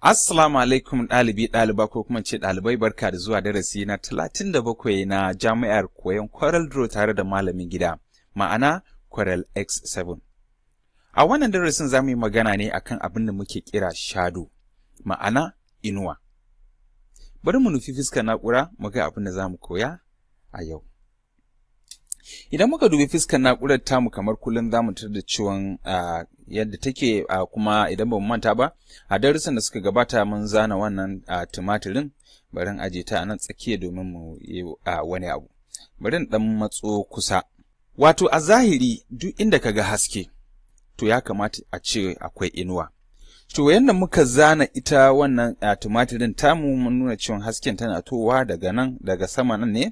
Assalamu alaikum ɗalibi ɗaliba ko kuma ce ɗalibai barka da zuwa darasi na talatin da bakwai na jami'ar koyon Coral Draw tare da malamin gida, ma'ana Coral X7. A wannan darasin za mu yi magana ne akan abin da muke kira shado, ma'ana inuwa. Bari mu nufi fuskar na'ura mu ga abin da za mu koya a yau. Idan muka dubi fiskar na'urar tamu kamar kullum za mu da ciwon ah, yadda take a kuma idan ba manta ba a darussan da suka gabata mun zana wannan a tumatirin barin aje ta a nan tsakiya domin mu yi wani abu barin ɗan matso kusa wato a zahiri duk inda ka ga haske to ya kamata a ce akwai inuwa to yadda muka zana ita wannan tumatirin ta, mun nuna cewa hasken tana towa daga nan daga sama nan ne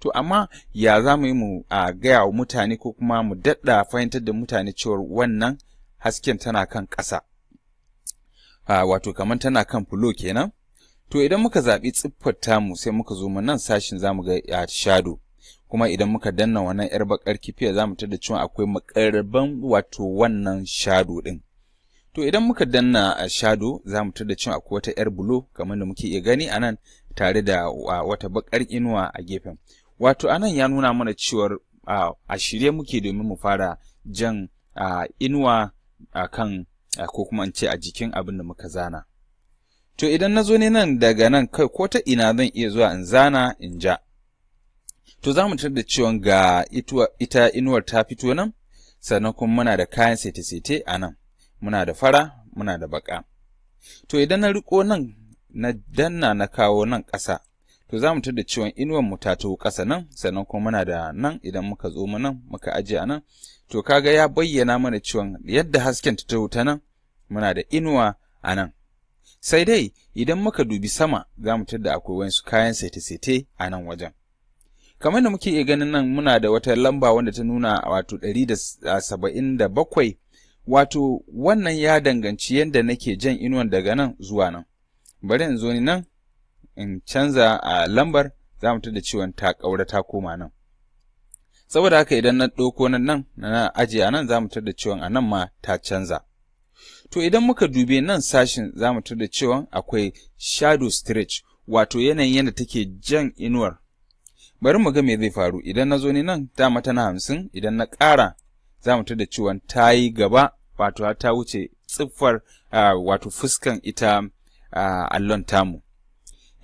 to amma ya za mu yi mu a gaya mutane ko kuma mu daɗa fahimtar da mutane cewar wannan hasken tana kan ƙasa ah, wato kamar tana kan fulo kenan to idan muka zaɓi tsiffar tamu sai muka zo mu nan sashin zamu ga ah, shado kuma idan muka danna wannan yar bakar kifiya za mu tada cewa akwai makarban wato wannan shado din to idan muka danna a ah, shado za mu tada cewa akwai wata yar bulo kamar da muke iya gani a nan tare da wata bakar inuwa a gefen wato anan ya nuna mana cewar a shirye muke domin mu fara jan inuwa a kan ko kuma in ce a jikin abin da muka zana. To idan na zo ne nan daga nan kai ko ta ina zan iya zuwa in zana in ja. To za mu da cewa ga ita inuwar ta fito nan, sannan kuma muna da kayan sete-sete a nan, muna da fara, muna da baka. To idan na riko nan, na danna na kawo nan ƙasa, to za mu tada ciwon inuwan mu ta taho ƙasa nan sannan kuma muna da nan idan muka zo mu nan muka ajiye nan to kaga ya bayyana mana cewa yadda hasken ta taho ta nan muna da inuwa a nan sai dai idan muka dubi sama za mu tada akwai wasu kayan saite sete a nan wajen kamar da muke iya ganin nan muna da wata lamba wanda ta nuna wato ɗari da saba'in da bakwai wato wannan ya danganci yadda nake jan inuwan daga nan zuwa nan bari in zo ni nan in canza a lambar za mu tada ciwon ta ƙaura ta koma nan saboda haka idan na ɗauko nan nan na ajiye a nan za mu tada ciwon a nan ma ta canza to idan muka dube nan sashin za mu tada ciwon akwai shadow stretch wato yanayin yadda take jan inuwar bari mu ga me zai faru idan na zo ni nan dama tana hamsin idan na ƙara za mu tada ciwon ta yi gaba wato ta wuce tsiffar wato fuskan ita allon tamu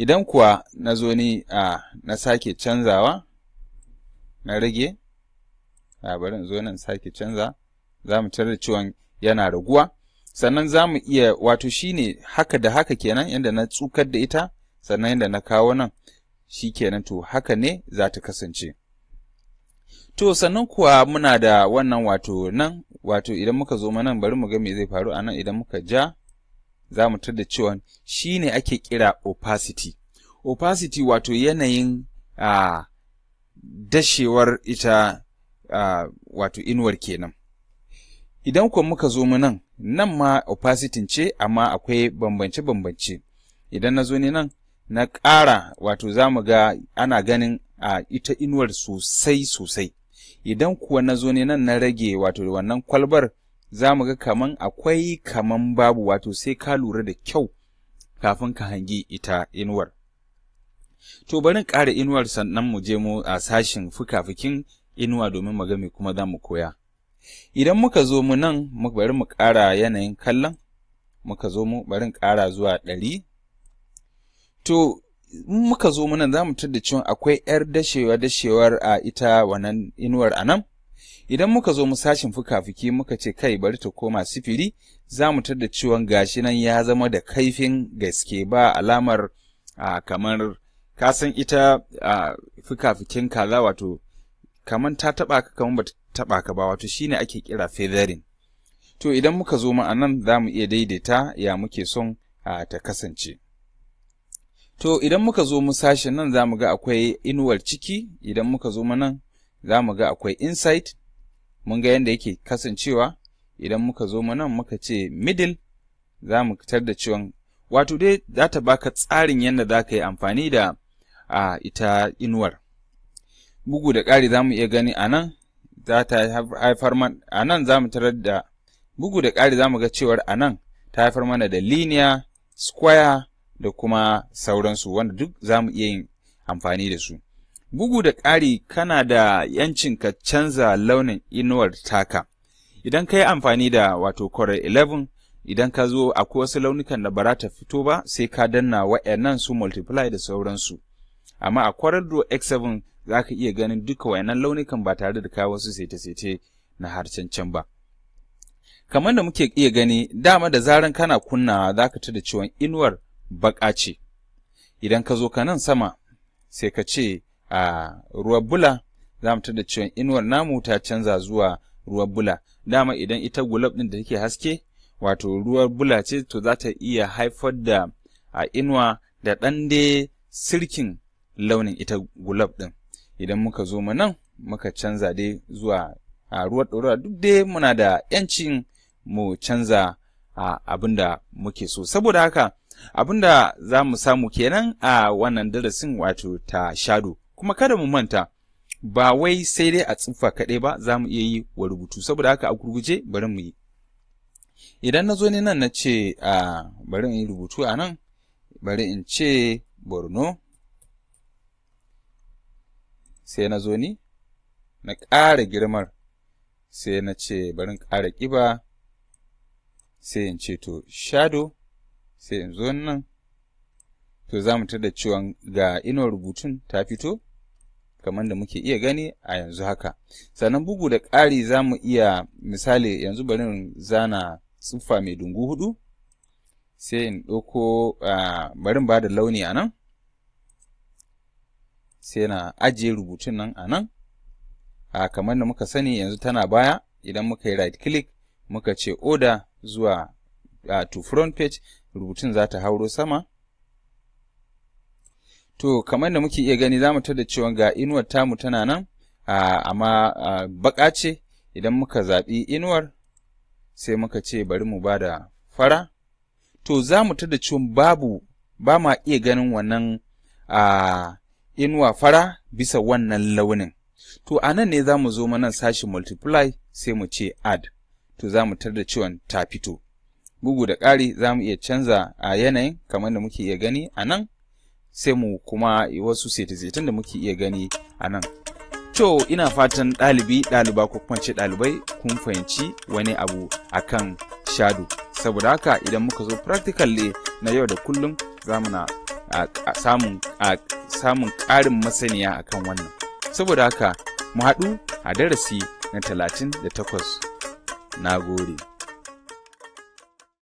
idan kuwa na zo ni a na sake canzawa na rage a zo nan sake canza za mu tarar ciwon yana raguwa sannan za mu iya wato shine haka da haka kenan yadda na tsukar da ita sannan yadda na kawo nan shi kenan to haka ne za ta kasance to sannan kuwa muna da wannan wato nan wato idan muka zo nan bari mu ga me zai faru a nan idan muka ja za mu da cewa shi ne ake kira opacity. Opacity wato yanayin uh, dashewar ita uh, wato inuwar kenan. Idan kuwa muka zo mu nan, nan ma opacity ce amma akwai bambance-bambance. Idan na zo ne nan, na ƙara wato za mu ga ana ganin a ita inuwar sosai-sosai. Idan kuwa na zo ne nan na rage wato wannan kwalbar za mu ga kaman akwai kaman babu wato sai ka lura da kyau kafin ka hangi ita inuwar. To bari ƙara inuwar sannan mu je mu a sashin fuka-fukin inuwa domin mu game kuma za mu koya. Idan muka zo mu nan bari mu ƙara yanayin kallon, muka zo mu bari ƙara zuwa ɗari. To muka zo mu nan za mu da cewa akwai ‘yar dashewa dashewar a ita wannan inuwar a nan, Idan muka zo mu sashin fuka-fuki muka ce kai bari ta koma sifiri, za mu da ciwon gashi nan ya zama da kaifin gaske ba alamar a, kamar kasan ita fuka-fukin kaza wato kamar ta taba ka kamar ba taba ka ba wato shine ake kira feathering. To idan muka zo ma anan za mu iya daidaita ya muke son ta kasance. To idan muka zo mu nan za mu ga akwai inuwar ciki, idan muka zo mu nan za mu ga akwai insight, mun ga yadda yake kasancewa idan muka zo mu nan muka ce middle za mu fitar da ciwon wato dai za ta baka tsarin yadda za ka yi amfani da a ita inuwar bugu da ƙari za mu iya gani a nan za ta haifar mana a nan za mu tarar da bugu da ƙari za mu ga cewar a nan ta haifar mana da linear square da kuma sauransu wanda duk za mu iya yin amfani da su Bugu da ƙari kana da ‘yancin ka canza launin inuwar taka. Idan ka yi amfani da wato Corel 11, idan ka zo akwai wasu launukan da ba ta fito ba sai ka danna wa'yannan su multiply da sauransu. Amma a Corel do X7 za ka iya ganin duka wa'yannan launukan ba tare da kawo wasu sete-sete na harcancen ba. Kamar da muke iya gani, dama da zaran kana kunna za ka da ciwon inuwar baƙa ce. Idan ka zo ka nan sama, sai ka ce a ruwan bula za mu da cewa inuwar namu ta canza zuwa ruwan bula dama idan ita gulab ɗin da take haske wato ruwan bula ce to za ta iya haifar da a inuwa da ɗan sirkin launin ita gulab ɗin idan muka zo mu nan muka canza dai zuwa a ruwan ɗorawa duk dai muna da 'yancin mu canza abin da muke so saboda haka abin da za mu samu kenan a wannan darasin wato ta shado kuma kada mu manta ba wai sai dai a tsufa kaɗai ba za mu iya yi wa rubutu saboda haka a gurguje bari mu yi idan na zo ne nan na ce a bari in yi rubutu a nan bari in ce borno sai na zo ni na ƙara girmar sai na ce bari in ƙara ƙiba sai in ce to shado sai in zo nan to za mu tada cewa ga inuwar rubutun ta fito kamar da muke iya gani a yanzu haka sannan bugu da ƙari za mu iya misali yanzu bari zana tsufa mai dungu hudu sai in ɗauko barin ba da launi a nan sai na ajiye rubutun nan a nan kamar da muka sani yanzu tana baya idan muka yi right click muka ce order zuwa to front page rubutun za ta hauro sama to kamar da muke iya gani za mu da cewa ga inuwar tamu tana nan amma baƙa ce idan muka zaɓi inuwar sai muka ce bari mu ba da fara to za mu da cewa babu ba ma iya ganin wannan inuwa fara bisa wannan launin to a nan ne za mu zo mana sashi multiply sai mu ce add to za mu da cewa ta fito bugu da ƙari za mu iya canza a yanayin kamar da muke iya gani a nan sai mu kuma wasu sete da muke iya gani a nan to ina fatan ɗalibi ɗaliba ko kuma ce ɗalibai kun fahimci wani abu akan shadu, saboda haka idan muka zo practical ne na yau da kullum za mu na samun ƙarin masaniya akan wannan saboda haka mu haɗu a darasi na talatin da takwas na gode